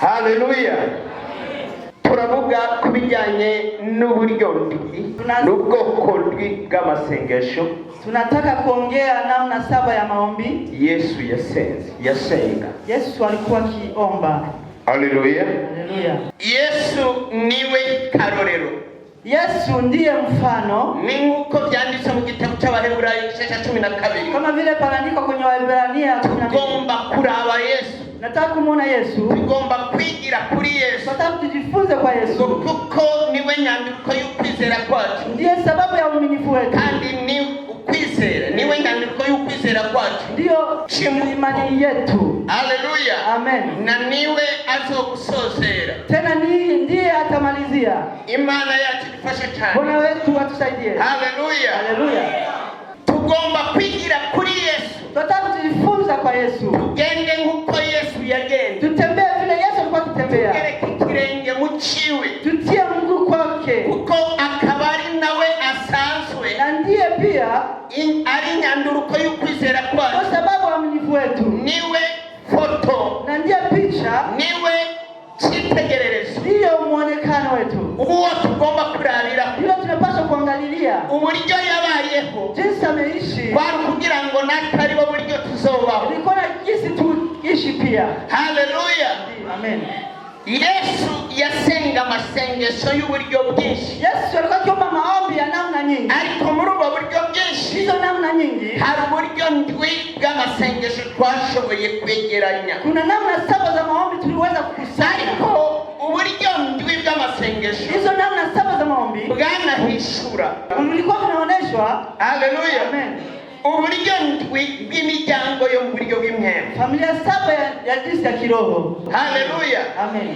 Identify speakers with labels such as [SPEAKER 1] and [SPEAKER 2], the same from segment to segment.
[SPEAKER 1] haleluya turavuga ku bijyanye n'uburyo ndwi n'ubwoko ndwi bw'amasengesho
[SPEAKER 2] tunataka kuongea namna saba ya maombi
[SPEAKER 1] yesu yasenze yasenga
[SPEAKER 2] yesu alikuwa akiomba
[SPEAKER 1] haleluya yesu niwe karorero
[SPEAKER 2] yesu ndiye mfano
[SPEAKER 1] ni nk'uko byanditse mu gitabo cy'abaheburayo igice cya cumi na kabiri
[SPEAKER 2] kama vile panaandikwa kwenye waheburania
[SPEAKER 1] tugomba kuraba yesu
[SPEAKER 2] nataka kumwona Yesu
[SPEAKER 1] tugomba kwigira kuri Yesu
[SPEAKER 2] nataka tujifunze kwa Yesu
[SPEAKER 1] kuko niwe nyandiko y'ukwizera kwacu
[SPEAKER 2] ndiye sababu ya uaminifu wetu
[SPEAKER 1] kandi ni ukwizera niwe nyandiko y'ukwizera kwacu
[SPEAKER 2] ndiyo imani yetu
[SPEAKER 1] Haleluya Amen na niwe azokusozera
[SPEAKER 2] tena ni ndiye atamalizia
[SPEAKER 1] imana yacu ifashe cyane
[SPEAKER 2] Bwana wetu atusaidie
[SPEAKER 1] Haleluya Haleluya tugomba kwigira kuri Yesu
[SPEAKER 2] nataka tujifunza kwa Yesu
[SPEAKER 1] ntabwo natwe ari bo buryo tuzobaho
[SPEAKER 2] bikora gisi tuishi pia
[SPEAKER 1] haleluya amen Yesu yasenga amasengesho y'uburyo bwinshi
[SPEAKER 2] Yesu alikuwa maombi ya namna nyingi
[SPEAKER 1] ariko muri ubwo buryo bwinshi
[SPEAKER 2] izo namna nyingi
[SPEAKER 1] hari uburyo ndwi bw'amasengesho twashoboye kwegeranya
[SPEAKER 2] kuna namna saba za maombi tuliweza kukusanya
[SPEAKER 1] ariko uburyo ndwi bw'amasengesho
[SPEAKER 2] izo namna saba za maombi
[SPEAKER 1] bwanahishura
[SPEAKER 2] mlikuwa mnaoneshwa haleluya amen
[SPEAKER 1] uburyo bw'imiryango yo mu buryo bw'imyenda
[SPEAKER 2] familia saba ya Kristo kiroho
[SPEAKER 1] haleluya amen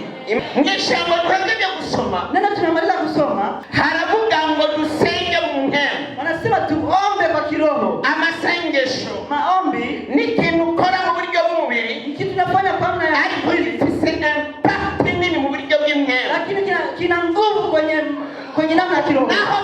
[SPEAKER 1] mwishamo kwanza vya kusoma
[SPEAKER 2] nana tunamaliza kusoma
[SPEAKER 1] haravuga ngo dusenge mu mwema
[SPEAKER 2] wanasema tuombe kwa kiroho
[SPEAKER 1] amasengesho
[SPEAKER 2] maombi
[SPEAKER 1] ni kintu ukora mu buryo bw'umubiri
[SPEAKER 2] ikintu unafanya kwa namna
[SPEAKER 1] ariko ifise impact nini mu buryo bw'imyenda
[SPEAKER 2] lakini kina nguvu kwenye kwenye namna ya kiroho naho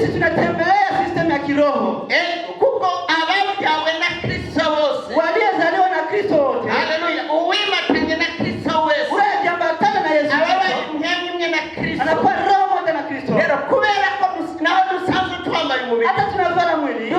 [SPEAKER 2] sisi tunatembelea system ya kiroho
[SPEAKER 1] eh, kuko abaabyawe wena Kristo bose,
[SPEAKER 2] waliozaliwa na Kristo wote.
[SPEAKER 1] Haleluya, uwimatanye na Kristo wese,
[SPEAKER 2] ule urejabatana na Yesu,
[SPEAKER 1] ababaimyamimye na Kristo,
[SPEAKER 2] anakuwa roho moja na Kristo.
[SPEAKER 1] Rero kubera ko nawe dusanzwe twambaye umubiri,
[SPEAKER 2] hata tunavana mwili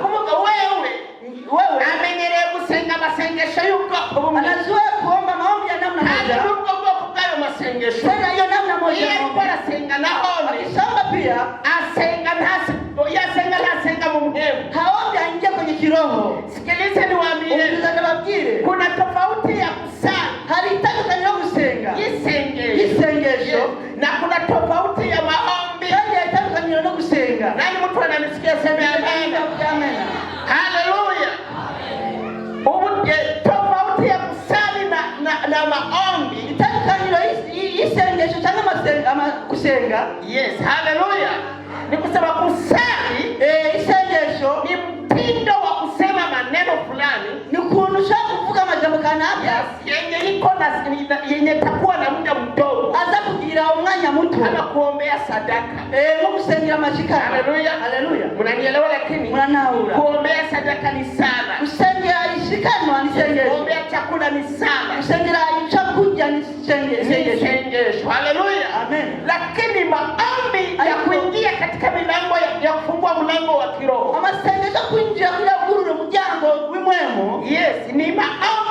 [SPEAKER 1] Como que voy é? kusenga yes haleluya
[SPEAKER 2] ni kusema kusali eh, isengesho
[SPEAKER 1] ni mtindo wa kusema maneno fulani
[SPEAKER 2] ni kuonesha kuvuka majambo kanavya yes. yenye iko na yenye takuwa na muda mdogo kugira umwanya muto
[SPEAKER 1] ama kuombea sadaka
[SPEAKER 2] eh, no kusengera mashika. Haleluya, haleluya,
[SPEAKER 1] mnanielewa? Lakini
[SPEAKER 2] mnanaura
[SPEAKER 1] kuombea sadaka ni sana,
[SPEAKER 2] kusengera ishikanwa ni sengesho,
[SPEAKER 1] kuombea chakula ni sana,
[SPEAKER 2] kusengera ichakuja ni
[SPEAKER 1] sengesho. Haleluya, amen. Lakini maombi ya kuingia katika milango ya, ya kufungua mlango wa kiroho
[SPEAKER 2] ama sengesho kuingia kwa guru mjango wimwemo,
[SPEAKER 1] yes, ni maombi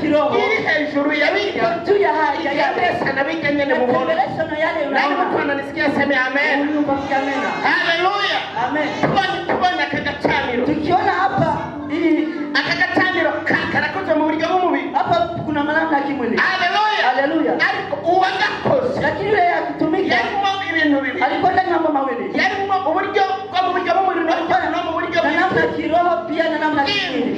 [SPEAKER 1] kiroho ili hejuru ya
[SPEAKER 2] yaani
[SPEAKER 1] ya ya pesa na biriya nyene
[SPEAKER 2] mubona nani
[SPEAKER 1] mtu nisikia aseme amen haleluya kwa ni kwa na akagacaniro
[SPEAKER 2] tukiona hapa
[SPEAKER 1] ili akagacaniro karakoze mu buryo bw'umubiri
[SPEAKER 2] hapa kuna malamna kimwili
[SPEAKER 1] haleluya haleluya ariko yaani uwagakoze
[SPEAKER 2] lakini yule akitumika
[SPEAKER 1] yarimo ibintu bibiri
[SPEAKER 2] alikuwa ndani mambo mawili
[SPEAKER 1] yarimo uburyo bwo mu buryo bw'umubiri
[SPEAKER 2] na mu buryo bwa kiroho pia na namna
[SPEAKER 1] kimwili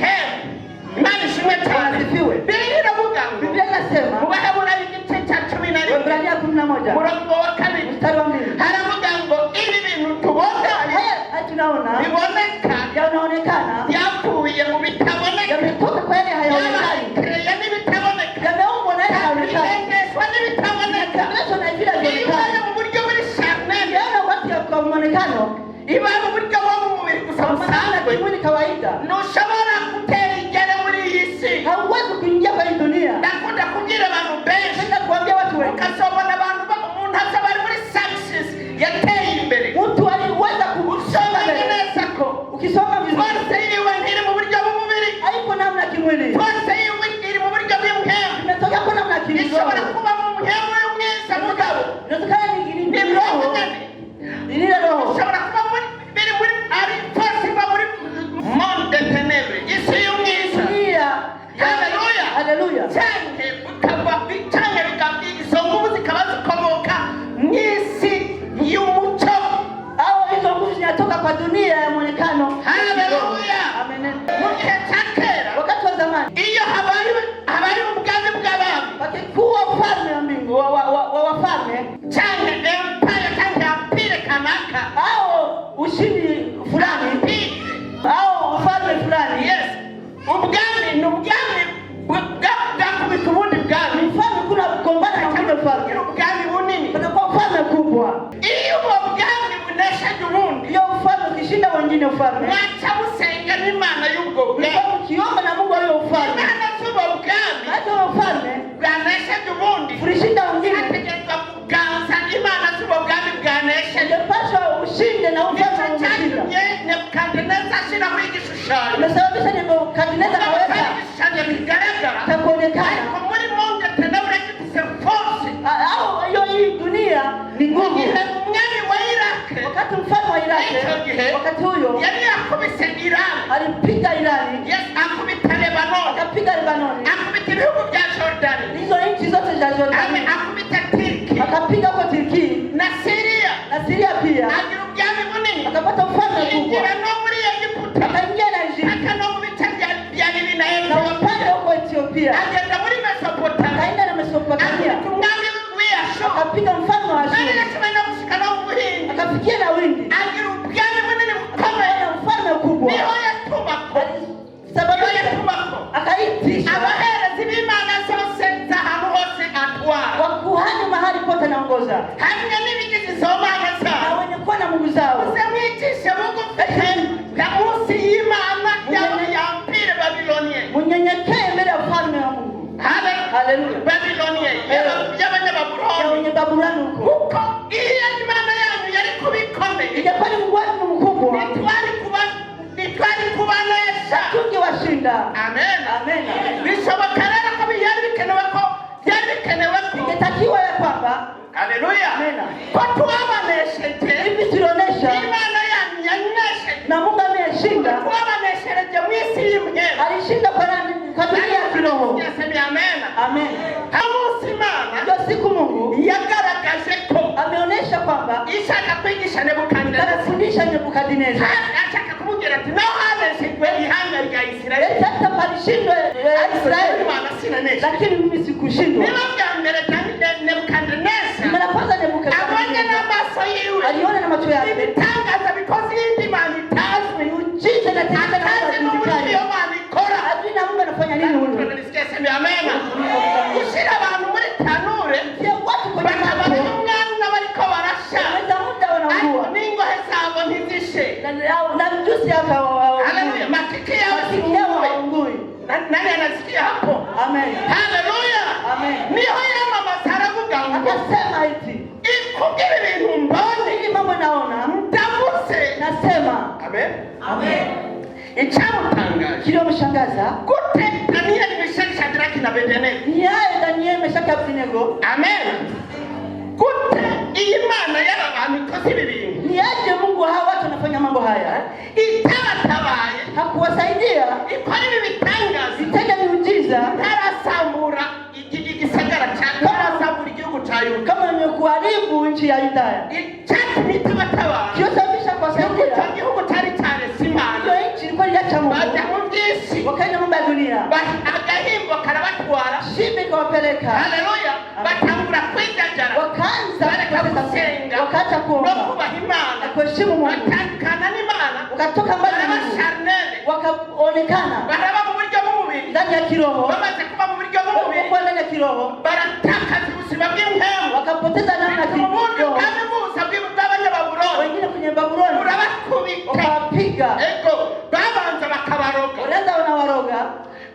[SPEAKER 1] ishirini na tano
[SPEAKER 2] Biblia inavuga Biblia inasema
[SPEAKER 1] Mubahebura igice cya cumi na rimwe
[SPEAKER 2] Waebrania kumi na moja
[SPEAKER 1] murongo wa kabiri
[SPEAKER 2] mstari wa mbili
[SPEAKER 1] haravuga ngo ibi bintu tubona
[SPEAKER 2] ati naona ufalme.
[SPEAKER 1] Wacha usengere imana y'ubwo
[SPEAKER 2] bwami. Ukiomba na Mungu aliyo ufalme.
[SPEAKER 1] Imana z'ubwo bwami.
[SPEAKER 2] Hata uwo ufalme.
[SPEAKER 1] Bwanesheje ubundi.
[SPEAKER 2] Ulishinda wengine.
[SPEAKER 1] Hategerezwa kuganza imana z'ubwo bwami bwanesheje.
[SPEAKER 2] Yapaswa ushinde na ufalme
[SPEAKER 1] umushinda. Nicyo cyatumye Nebukadineza ashyiraho igishushanyo.
[SPEAKER 2] Imesababisha Nebukadineza
[SPEAKER 1] akaweka. Igishushanyo kigaragara.
[SPEAKER 2] Kitakuonekana. Ariko
[SPEAKER 1] muri Mungu atendabureke kise force.
[SPEAKER 2] Au hiyo hii dunia
[SPEAKER 1] ni nguvu
[SPEAKER 2] wakati mfalme wa
[SPEAKER 1] Iraki
[SPEAKER 2] wakati huyo alipiga Irani, yes, akapiga Lebanoni, hizo nchi zote za Jordani, akapiga hapo Tirki
[SPEAKER 1] na Siria,
[SPEAKER 2] na Siria pia akapata mfalme mkubwa, akaingia na Egiputa, na wapande huko Ethiopia asiye na wingi
[SPEAKER 1] angirudhiane
[SPEAKER 2] mahali pote naongoza
[SPEAKER 1] kurinda bishoboka rero ko byari bikenewe ko byari bikenewe ko
[SPEAKER 2] igitakiwa ya kwamba
[SPEAKER 1] ko tuwabanesheje
[SPEAKER 2] hivi tulionyesha
[SPEAKER 1] Imana yanyanyeshe
[SPEAKER 2] na Mungu ameshinda
[SPEAKER 1] kuwabaneshereje mwisi hii mwenyewe
[SPEAKER 2] alishinda kwa nani kabiri ya kiroho amen
[SPEAKER 1] amen kama simama
[SPEAKER 2] ndio siku Mungu
[SPEAKER 1] yagaragaje ko
[SPEAKER 2] ameonyesha kwamba
[SPEAKER 1] ishaka kwigisha Nebukadneza
[SPEAKER 2] anafundisha Nebukadneza Israeli, sasa palishindwe Israeli,
[SPEAKER 1] lakini mimi sikushindwa.
[SPEAKER 2] Nimelapaza Nebukadneza, aliona na macho yake
[SPEAKER 1] miujiza na taajabu hazina. Mungu anafanya nini huyu? watu kwenye moto, muda wanaugua na mjusi masikio
[SPEAKER 2] hawaungui.
[SPEAKER 1] Nani anasikia hapo? Amen. Haleluya. Amen. Niyo yama masarabu gangu.
[SPEAKER 2] Akasema iti.
[SPEAKER 1] Ikugiri bintu mboni.
[SPEAKER 2] Hili mambo naona.
[SPEAKER 1] Mtavuse.
[SPEAKER 2] Nasema. Amen. Amen.
[SPEAKER 1] Icyamutangaje.
[SPEAKER 2] Kile mshangaza.
[SPEAKER 1] Gute Danieli Meshaki Shadraki na Abednego.
[SPEAKER 2] Ni yeye Danieli Meshaki Abednego.
[SPEAKER 1] Amen. Kute imana yara y'abantu ikoze ibi bintu.
[SPEAKER 2] Ni aje Mungu hao watu wanafanya mambo haya?
[SPEAKER 1] Itawatabaye,
[SPEAKER 2] hakuwasaidia.
[SPEAKER 1] Ikora ibi bitangaza,
[SPEAKER 2] itenda miujiza,
[SPEAKER 1] tarasambura igisagara cha
[SPEAKER 2] tarasambura igihugu cha Yuda. Kama imekuharibu nchi ya Yudaya.
[SPEAKER 1] Icyatuma itabatabaye. Bwana
[SPEAKER 2] shimi ikawapeleka.
[SPEAKER 1] Haleluya, batangura kwijanjara,
[SPEAKER 2] wakaanza
[SPEAKER 1] kusenga,
[SPEAKER 2] wakaanza kuomba
[SPEAKER 1] no kubaha Imana kuheshimu Mungu, batandukana n'Imana, wakatoka mbali na Mungu,
[SPEAKER 2] wakaonekana
[SPEAKER 1] baraba mu buryo bw'umubiri,
[SPEAKER 2] ndani ya kiroho,
[SPEAKER 1] bamaze kuba mu buryo bw'umubiri,
[SPEAKER 2] kuba ndani ya kiroho,
[SPEAKER 1] baratakaza ubuzima bw'ihemu, wakapoteza namna ya kiroho, kama Musa bw'abanya Babuloni,
[SPEAKER 2] wengine kwenye Babuloni,
[SPEAKER 1] urabakubita,
[SPEAKER 2] ukawapiga,
[SPEAKER 1] ego babanza bakabaroga,
[SPEAKER 2] unaanza unawaroga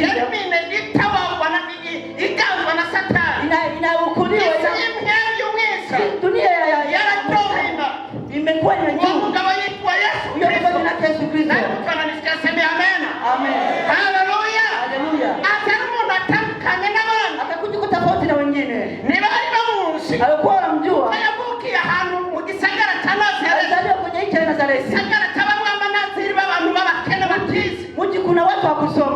[SPEAKER 1] yerume nitawa wana miji ikawa wana satani
[SPEAKER 2] ina inaukuliwa
[SPEAKER 1] ina mheri wesa
[SPEAKER 2] dunia ya
[SPEAKER 1] yara tohima
[SPEAKER 2] imekuwa ni
[SPEAKER 1] juu Mungu kama yitwa Yesu
[SPEAKER 2] Kristo na Yesu Kristo
[SPEAKER 1] na mtu ananisikia sema amen amen haleluya haleluya atamu na tamka nena wana
[SPEAKER 2] atakuja kutafauti na wengine
[SPEAKER 1] ni bali na Mungu
[SPEAKER 2] alikuwa anamjua
[SPEAKER 1] ayabuki ya hanu mugisagara cha Nazareti
[SPEAKER 2] alizaliwa kwenye nchi ya
[SPEAKER 1] Nazareti sagara cha bamwe amanaziri b'abantu b'abakene bakizi
[SPEAKER 2] muji kuna watu wa kusoma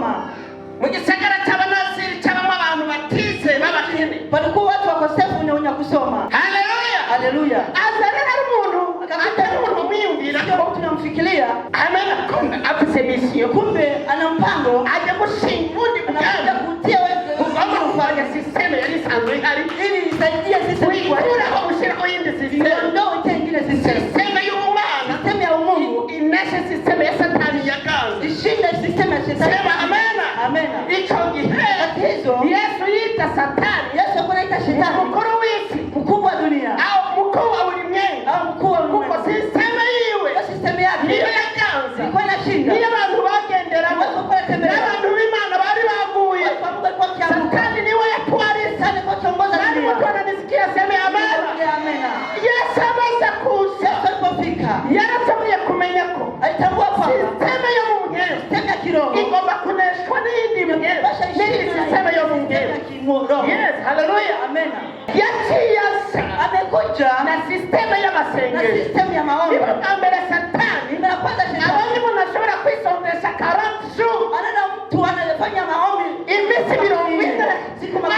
[SPEAKER 1] mu gisagara cya banaziri cyabamo abantu batize b'abakene
[SPEAKER 2] balikuwa watu wakosefu ni wenye kusoma
[SPEAKER 1] haleluya haleluya azana hari umuntu
[SPEAKER 2] atari umuntu umwiyumvira ndio tunamfikiria
[SPEAKER 1] amena kumbe afise misio
[SPEAKER 2] kumbe ana mpango
[SPEAKER 1] aje gushingundi
[SPEAKER 2] anakuja kutia wewe
[SPEAKER 1] kugomba kufanya sisteme yali sanzo
[SPEAKER 2] ihari ili isaidie sisi kuigwa
[SPEAKER 1] yule kwa kushira kwa yindi
[SPEAKER 2] sisteme ndio itengine
[SPEAKER 1] sisteme sisteme y'umana
[SPEAKER 2] sisteme ya umungu
[SPEAKER 1] ineshe sisteme ya satani ya kazi
[SPEAKER 2] ishinde sisteme ya shetani
[SPEAKER 1] sema amen icyo
[SPEAKER 2] gihe
[SPEAKER 1] Yesu yita Satani,
[SPEAKER 2] Yesu alikuwa anaita shetani
[SPEAKER 1] mkuu wa wizi,
[SPEAKER 2] mkuu wa dunia
[SPEAKER 1] au mkuu wa ulimwengu
[SPEAKER 2] au mkuu wa ulimwengu,
[SPEAKER 1] kwa sistema iwe
[SPEAKER 2] ya sistema yake
[SPEAKER 1] ndiyo ya kwanza
[SPEAKER 2] ilikuwa inashinda,
[SPEAKER 1] ndiyo watu wagendera watu kwa tembea watu wimana bali baguye
[SPEAKER 2] kwa Mungu kwa kiapo.
[SPEAKER 1] Satani ni wewe kwani sana kwa kiongoza
[SPEAKER 2] nani, mtu ananisikia sema amena,
[SPEAKER 1] amena. Yesu ameweza kuja,
[SPEAKER 2] Yesu alipofika,
[SPEAKER 1] Yesu amekumenyako,
[SPEAKER 2] alitambua kwamba
[SPEAKER 1] sistema ya Mungu,
[SPEAKER 2] sistema kiroho ingomba Roho.
[SPEAKER 1] Yes, haleluya, amen. Yati
[SPEAKER 2] amekuja
[SPEAKER 1] na sistema ya masengesho.
[SPEAKER 2] Na sistema ya maombi.
[SPEAKER 1] Biblia inasema Shetani
[SPEAKER 2] inapanda shetani.
[SPEAKER 1] Hawezi mnashobora kuisomesha karamu.
[SPEAKER 2] Anaona mtu anayefanya maombi.
[SPEAKER 1] Imisi bila umbile. Siku mara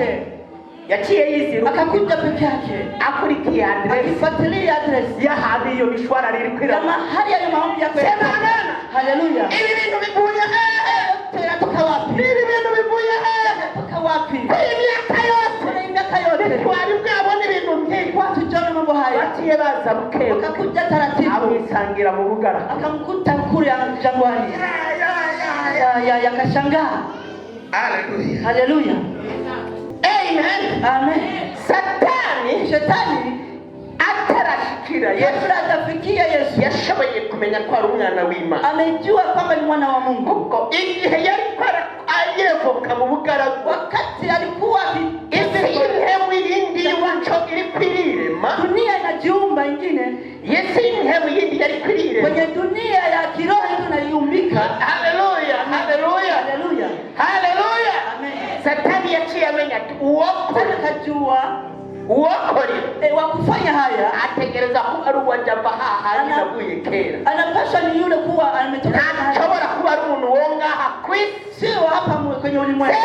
[SPEAKER 1] yake yaciye yiziruka
[SPEAKER 2] akakuja peke yake,
[SPEAKER 1] akuriki adresi
[SPEAKER 2] akifuatilia adresi
[SPEAKER 1] ya hadi hiyo mishwara lilikwira kama hali ya maombi yako. Sema amen, haleluya. Hivi vitu vivuye eh, tunatoka wapi?
[SPEAKER 2] Hivi vitu vivuye
[SPEAKER 1] eh, tunatoka wapi? Hii miaka yote
[SPEAKER 2] na miaka yote
[SPEAKER 1] kwani mgabone bintu byingi, kwa jana mambo haya
[SPEAKER 2] waciye baza mke
[SPEAKER 1] akakuja taratibu,
[SPEAKER 2] amisangira mu bugara,
[SPEAKER 1] akamkuta
[SPEAKER 2] kuri anajangwani ya ya ya ya ya kashangaa.
[SPEAKER 1] Haleluya, haleluya. Amen. Amen. Satani, Satani atarashikira.
[SPEAKER 2] Yesu atafikia
[SPEAKER 1] Yesu. Yashoboye kumenya kwa ari umwana w'Imana.
[SPEAKER 2] Amejua kwamba ni mwana wa Mungu. Kuko
[SPEAKER 1] igihe yari aliyevoka mu bugaragu, wakati alikuwa sehemu yindi iwacho ilikuwa ma.
[SPEAKER 2] dunia na jiumba ingine.
[SPEAKER 1] Yesu sehemu yindi yalikuwa ilirema,
[SPEAKER 2] kwenye dunia ya kiroho tunaiumbika.
[SPEAKER 1] Hallelujah.
[SPEAKER 2] Hallelujah. uwakorakajua
[SPEAKER 1] uwakore
[SPEAKER 2] eh, wakufanya haya
[SPEAKER 1] ategereza kuba ari uwajabahaha yaraguye kera
[SPEAKER 2] anapasha ni yule kuwa
[SPEAKER 1] ametoka ashobora kuba ari umuntu wongaha kwisi
[SPEAKER 2] sio hapa kwenye ulimwengu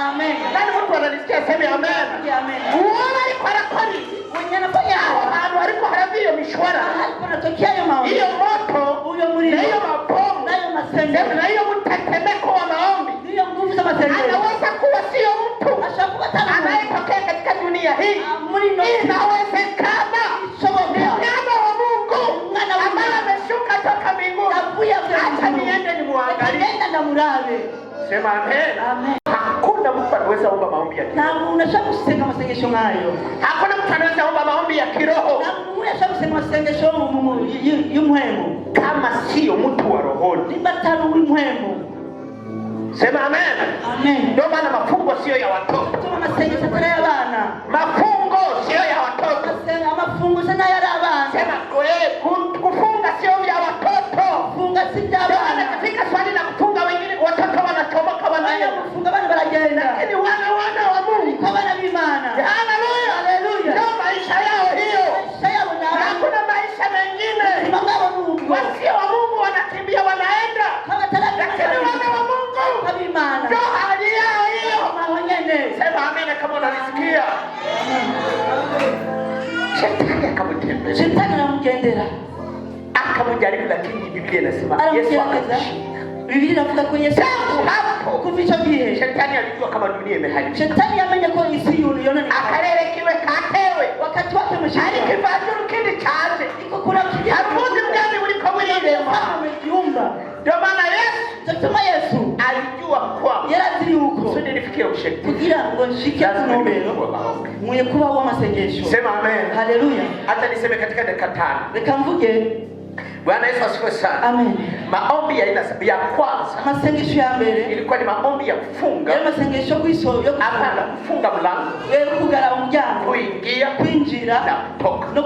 [SPEAKER 2] Amen.
[SPEAKER 1] Nani mtu analisikia sema amen? Amen. Uona alikuwa anafanya
[SPEAKER 2] mwenye anafanya
[SPEAKER 1] hapo alikuwa haravi hiyo mishwara.
[SPEAKER 2] Alikuwa anatokea hiyo maombi.
[SPEAKER 1] Hiyo moto,
[SPEAKER 2] huyo mlio. Na
[SPEAKER 1] hiyo mabomu,
[SPEAKER 2] na hiyo masembe,
[SPEAKER 1] na hiyo mtetemeko wa maombi. Ndio nguvu za mazingira. Anaweza kuwa sio mtu anayetokea katika dunia hii. Inawezekana mwana wa Mungu ambaye ameshuka toka mbinguni. Hata niende
[SPEAKER 2] nimwangalie,
[SPEAKER 1] nenda na mrave. Sema amen. Amen. Hakuna mtu anaweza omba maombi ya
[SPEAKER 2] kiroho. Na unashakusema masengesho hayo.
[SPEAKER 1] Hakuna mtu anaweza omba maombi ya kiroho.
[SPEAKER 2] Na unashakusema masengesho yumwemu.
[SPEAKER 1] Kama sio mtu wa rohoni.
[SPEAKER 2] Ni batalo ulimwengu.
[SPEAKER 1] Sema amen. Amen. Ndio maana mafungo sio ya watoto.
[SPEAKER 2] Kama sasa bana.
[SPEAKER 1] Mafungo sio ya watoto.
[SPEAKER 2] Sema mafungo sana ya abana.
[SPEAKER 1] Sema wewe kufunga sio ya watoto. Funga si ya abana. Katika swali la kufunga wengine watoto wanachomoka
[SPEAKER 2] wanaenda. Kufunga
[SPEAKER 1] bana barajenda. Lakini wana wana wa Mungu kwa wana imani. Haleluya. Haleluya. Ndio maisha yao
[SPEAKER 2] hiyo. Maisha
[SPEAKER 1] yao na hakuna maisha mengine.
[SPEAKER 2] Mungu wa Mungu. Wasio imana.
[SPEAKER 1] Ndio hali yao
[SPEAKER 2] hiyo.
[SPEAKER 1] Sema amina kama unanisikia. Shetani akamtembelea.
[SPEAKER 2] Shetani anamjendera.
[SPEAKER 1] Akamjaribu lakini Biblia inasema
[SPEAKER 2] Yesu akamshinda. Biblia inavuga kwenye tangu hapo kuficha
[SPEAKER 1] bie. Shetani alijua kama dunia
[SPEAKER 2] imeharibika. Shetani amenya kwa isi uliona
[SPEAKER 1] ni akalele kiwe katewe. Wakati wake umeshinda. Hadi kifadhuru kindi chaze. Iko kuna kitu. Harufu gani uliko mwili ndio.
[SPEAKER 2] Umejiumba.
[SPEAKER 1] Ndio maana Yesu Yesu alijua kwa
[SPEAKER 2] yaraziri huko kugira ngo nshike kunomero mwenye kuba w'amasengesho.
[SPEAKER 1] Sema amen. Haleluya. Hata niseme katika dakika tano. Reka Bwana Yesu asifiwe
[SPEAKER 2] sana. Amen.
[SPEAKER 1] Maombi ya ina ya kwanza.
[SPEAKER 2] Masengesho ya mbere.
[SPEAKER 1] Ilikuwa ni maombi ya kufunga.
[SPEAKER 2] Yale masengesho kuiso
[SPEAKER 1] yo hapana kufunga mlango.
[SPEAKER 2] Wewe eh, kugara umjana.
[SPEAKER 1] Kuingia, kuinjira na kutoka. No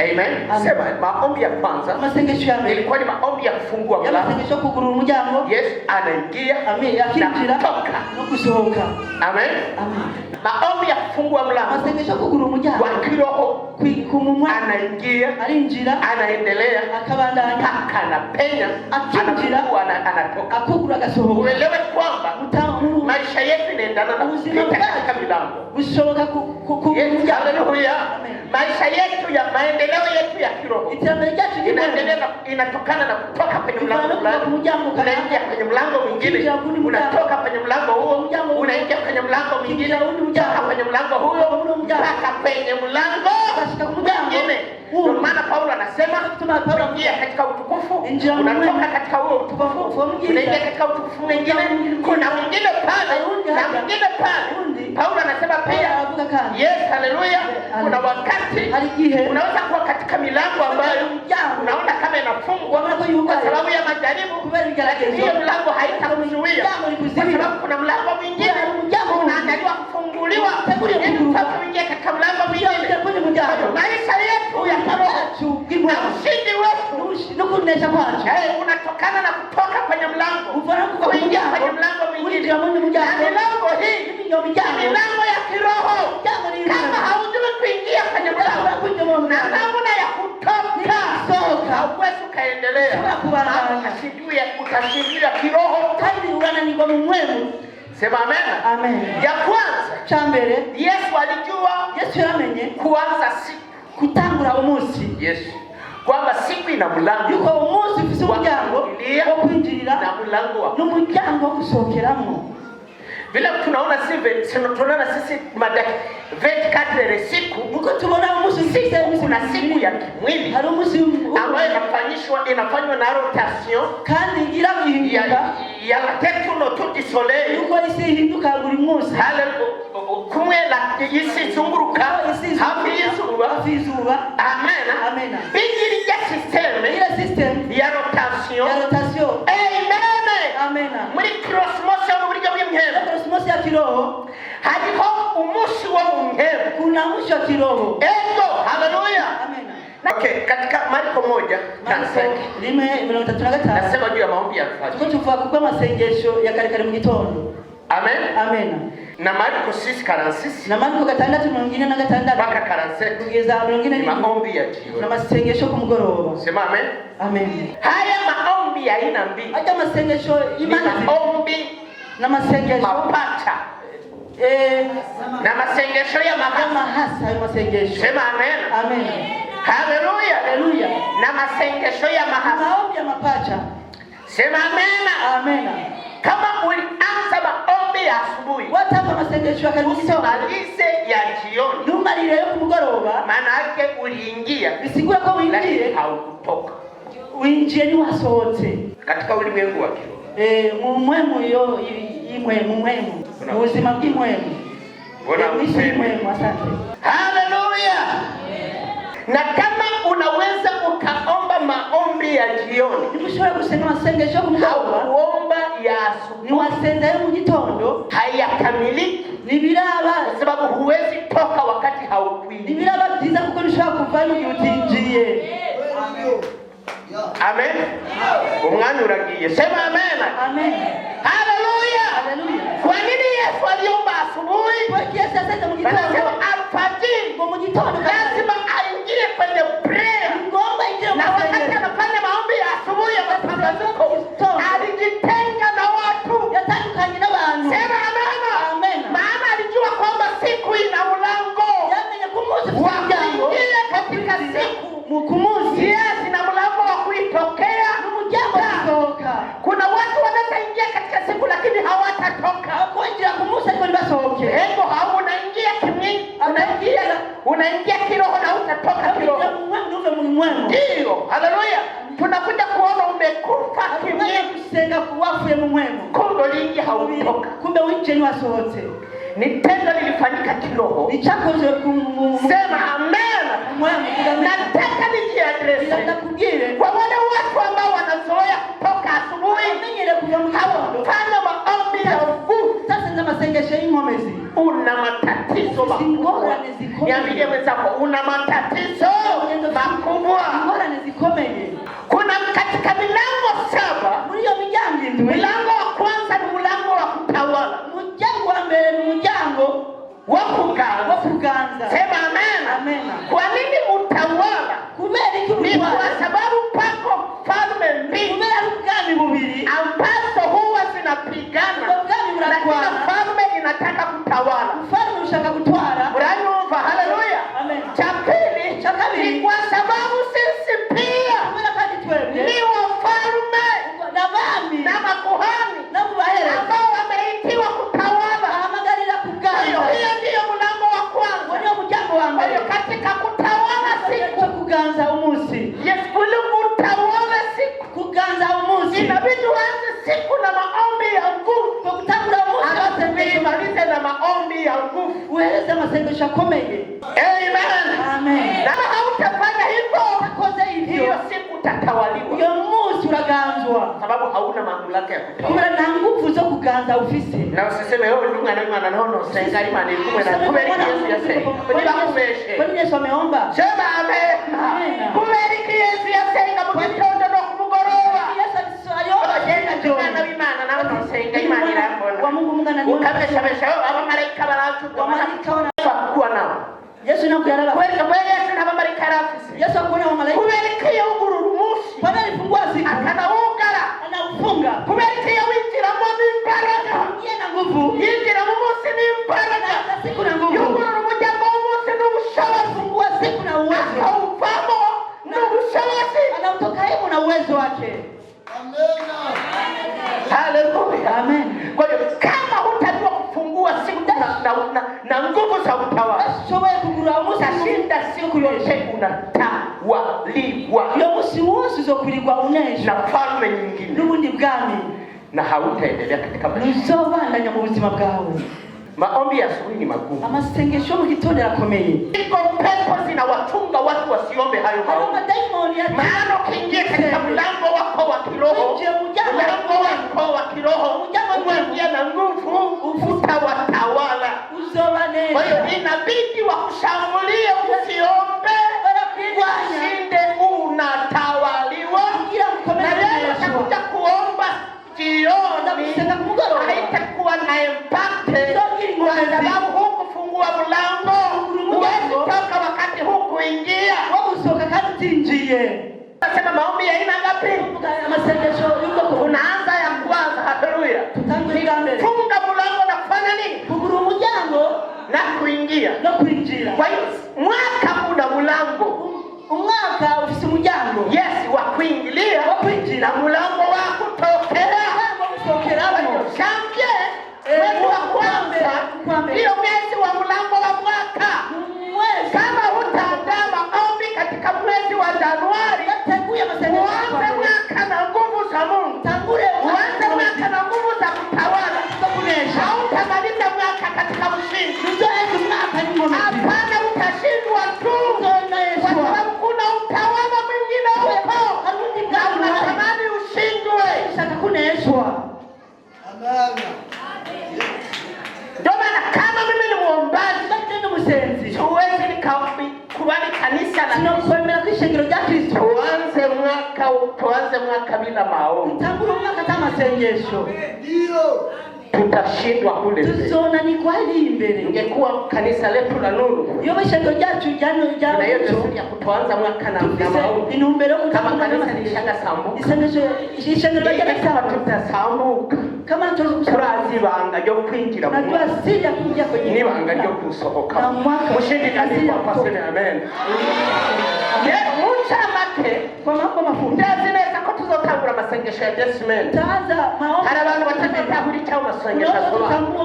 [SPEAKER 1] Amen. Amen. Sema maombi ya kwanza.
[SPEAKER 2] Masengesho ya mbele.
[SPEAKER 1] Ilikuwa ni maombi ya kufungua
[SPEAKER 2] mlango. Masengesho kugurura umuryango.
[SPEAKER 1] Yes, anaingia.
[SPEAKER 2] Amen. Akinjira. Toka. Nokusohoka. Amen. Amen.
[SPEAKER 1] Maombi ya kufungua
[SPEAKER 2] mlango. Masengesho kugurura umuryango.
[SPEAKER 1] Wa kiroho. Kumumwa. Anaingia. Alinjira. Anaendelea. Akabandanya. Mpaka anapenya.
[SPEAKER 2] Akinjira.
[SPEAKER 1] Anatoka. Akugura agasohoka. Uelewe kwamba
[SPEAKER 2] mtamu maisha
[SPEAKER 1] yetu inaendana na kupita katika milango.
[SPEAKER 2] Gusohoka kugurura
[SPEAKER 1] umuryango. Yes, haleluya. Amen maisha yetu ya maendeleo yetu ya kiroho inaendelea, inatokana na kutoka kwenye mlango fulani, unaingia kwenye mlango mwingine, unatoka kwenye mlango huo, unaingia kwenye mlango mwingine,
[SPEAKER 2] unatoka kwenye mlango huo
[SPEAKER 1] mpaka kwenye mlango mwingine. Ndio maana Paulo anasema unaingia katika utukufu, unatoka katika huo utukufu, unaingia katika utukufu mwingine. Kuna mwingine pale na mwingine
[SPEAKER 2] pale. Paulo anasema
[SPEAKER 1] pia, yes, haleluya, kuna wakati wakati unaweza kuwa katika milango ambayo unaona kama inafungwa kwa sababu ya majaribu, hiyo milango haitakuzuia kwa sababu kuna mlango mwingine unaandaliwa kufunguliwa uingie katika mlango mwingine. Maisha yetu ya kiroho na ushindi
[SPEAKER 2] wetu
[SPEAKER 1] unatokana na kutoka kwenye mlango kuingia kwenye mlango mwingine, milango hii ni milango ya kiroho kuna namna ya kutoka soka, hauwezi ukaendelea, sijui utashindia kiroho
[SPEAKER 2] tailiulana nikono mwenu Sema amen. Amen.
[SPEAKER 1] Ya kwanza cha mbere Yesu alijua
[SPEAKER 2] Yesu yamenye
[SPEAKER 1] kuanza
[SPEAKER 2] siku kutangura umunsi
[SPEAKER 1] Yesu kwamba siku ina mlango yuko
[SPEAKER 2] umunsi ufise umuryango wo kwinjirira na mlango n'umuryango wo gusokeramo
[SPEAKER 1] vile tunaona sisi tunaona sisi madak vet kadre siku nuko
[SPEAKER 2] tubona umusi sisi
[SPEAKER 1] na siku ya kimwili hari umusi ambayo inafanyishwa inafanywa na rotation kandi
[SPEAKER 2] ila bihinduka
[SPEAKER 1] ya tetuno tuti soleil nuko isi
[SPEAKER 2] hinduka buri musu hale
[SPEAKER 1] kumwe la isi zunguruka hafi y'izuba
[SPEAKER 2] hafi y'izuba amen amen
[SPEAKER 1] bigiri ya system
[SPEAKER 2] ya system ya
[SPEAKER 1] rotation ya rotation amen muri cosmos yo mu buryo bw'impeho
[SPEAKER 2] cosmos ya kiroho
[SPEAKER 1] hariho umushi wo mu
[SPEAKER 2] mpeho kuna mushi wa kiroho
[SPEAKER 1] ego haleluya Okay, katika Marko moja nasema juu ya maombi ya alfajiri. Tuko
[SPEAKER 2] tuvuga kuko ya kare kare mu gitondo Amen. Amen. Na
[SPEAKER 1] Marko sisi karansisi. Na Marko gatandatu mwingine
[SPEAKER 2] na gatandatu. Baka karanseti. Kugeza
[SPEAKER 1] mwingine ni maombi ya jioni. Na masengesho kumgoroba. Sema amen. Amen. Haya maombi ya aina mbili.
[SPEAKER 2] Hata masengesho
[SPEAKER 1] imani maombi
[SPEAKER 2] na masengesho
[SPEAKER 1] mapata. Eh, na masengesho ya magama
[SPEAKER 2] hasa ya masengesho. Sema amen. Amen.
[SPEAKER 1] Haleluya. Haleluya. Na masengesho ya mahasa. Maombi
[SPEAKER 2] ya mapacha.
[SPEAKER 1] Sema amen. Amen. Kama uli ya asubuhi
[SPEAKER 2] watanga masengesho ya kanisa usimalize
[SPEAKER 1] ya jioni,
[SPEAKER 2] ntumarire yo kumugoroba, maana
[SPEAKER 1] yake uliingia, bisikuwe
[SPEAKER 2] ko uingie
[SPEAKER 1] haukutoka,
[SPEAKER 2] uingie ni wasote
[SPEAKER 1] katika ulimwengu wa kiroho
[SPEAKER 2] eh, mumwemu yo imwemu mwemu uzima bw'imwemu
[SPEAKER 1] mwemu. Asante, haleluya. Na kama unaweza ukaomba maombi ya jioni,
[SPEAKER 2] nikushobora gusema masengesho kunaomba yaso niwasendayo mu gitondo
[SPEAKER 1] hayakamiliki
[SPEAKER 2] ni biraba
[SPEAKER 1] sababu huwezi toka wakati haukwii ni biraba byiza kuko
[SPEAKER 2] nishobora kuvayo igihe utinjiye
[SPEAKER 1] amen umwanya uragiye sema amen amen haleluya kwa nini yesu aliomba asubuhi kwa kiasi
[SPEAKER 2] asenda mu gitondo alfajiri
[SPEAKER 1] mu gitondo lazima kunywa sote. Ni tendo lilifanyika kiroho. Ichakoze
[SPEAKER 2] kumsema amen.
[SPEAKER 1] Nataka nije address kwa wale watu ambao wanazoea kutoka asubuhi hawafanya maombi ya ufu. Sasa
[SPEAKER 2] nza masengesho hii y'inkomezi. Una
[SPEAKER 1] matatizo makubwa. Niambie mwenzako una matatizo makubwa. Ngora nizikomeje
[SPEAKER 2] w'okuganga sema amena.
[SPEAKER 1] Kwa nini mutawala? Ni kwa sababu pako mfalme
[SPEAKER 2] mbili
[SPEAKER 1] ambazo huwa zinapigana, lakini falme inataka kutawala.
[SPEAKER 2] Mranyumva?
[SPEAKER 1] Haleluya. Cha pili ni kwa sababu sisi pia ni wafalme na makuhani ambao wameitiwa kutawala hiyo ndiyo mulambo wa kwanza niyo mujambo wa mbere katika kutawala siku kuganza umunsi yesikuli mutawala siku kuganza umunsi inabidi uanze siku na maombi ya nguvu kutangura umunsi alafu uimalize na maombi ya nguvu ueleze masengesho akomeye amen amen na hauta sababu hauna mamlaka ya kutoa na nguvu zo kuganza ofisi. na usiseme wewe oh, ndio ngana ngana na nono serikali mane mwana na mwana ni Yesu ya yase kwani bakumeshe kwani Yesu ameomba sema amen ni Yesu ya yase kama ndio ndio kumgorowa. Yesu alisoayoba jenda jana imani na nono serikali mwana ndio kwa Mungu Mungu ananiona ukabesha besha oh, aba malaika bala baratu kwa malaika kwa kuwa nao Yesu kuyarala. kweli kweli Yesu na malaika rafisi Yesu akuona malaika kumeli kiyo Kwa akana akanawugara anaufunga kubereye winjiramo n'imbaraga ugiye na nguvu yinjira mu munsi n'imbaraga siku na nguvu yugurura umuryango w'umunsi n'ubushobozi wa siku na uwezo akauvamo na ubushobozi anautoka hemu na uwezo wake amena haleluya amen kwa hiyo kama hutajua kufungua siku na, na, na nguvu za utawala usishoboye kugurura umunsi utashinda siku yote una utapigwa uwo munsi wose uzokwirigwa unejo na falme nyingine n'ubundi bwami na hautaendelea katika maisha ntuzobandanya mu buzima bwawe Maombi ya asubuhi ni magumu. Amasengesho mu gitondo arakomeye. Iko pepo zinawatunga watu wasiombe hayo maombi. Maana ukiingia katika mlango wako wa kiroho, mlango wako wa kiroho, unaingia na nguvu, utawatawala. Kwa hiyo inabidi wakushambulie usiombe usinde unatawaliwa na leo utakuja kuomba jioni haitakuwa na tena maombi, mtakuona kata masengesho, ndio tutashindwa kule. Tusiona ni kwa mbele. Ingekuwa kanisa letu la nuru. Yobesha toja tujano jana. Na yetu ya kutoanza mwaka na na maombi. Inumbero kama kanisa lishanga sambuka. Isengesho ishanga baje na sawa sambuka. Kama tulizokusurazi banga yo kwinjira. Na tu asija kuja kwenye. Ni banga yo kusohoka. Mushindi kanisa kwa amen make kwamaboko mafupi abantu batatahuri cyo abantu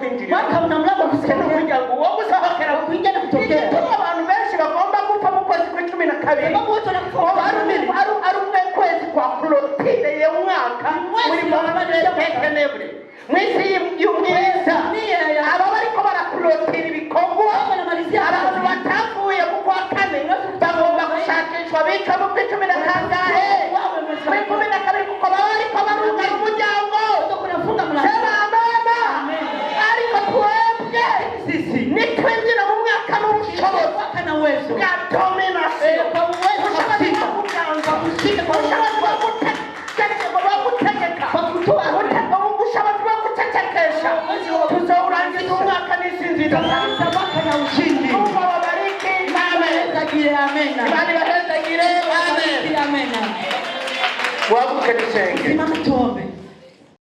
[SPEAKER 1] benshi bagomba gupfa mu kwezi kwa cumi na kabiri ikaba kuri cumi na kangahe kuri kumi na kabiri kuko baba bariko barugara umuryango serabana ariko twebwe nitwe ngira mu mwaka n'ubushobozi bwa dominasiyo ubushobozi bwo gutegeka bwo gutegeka ubushobozi bwo gutegekesha tuzawurangiza umwaka n'isinzi idasabwa bakana ushingiye Amen. Amen. Amen. Amen. Wabu katika Simama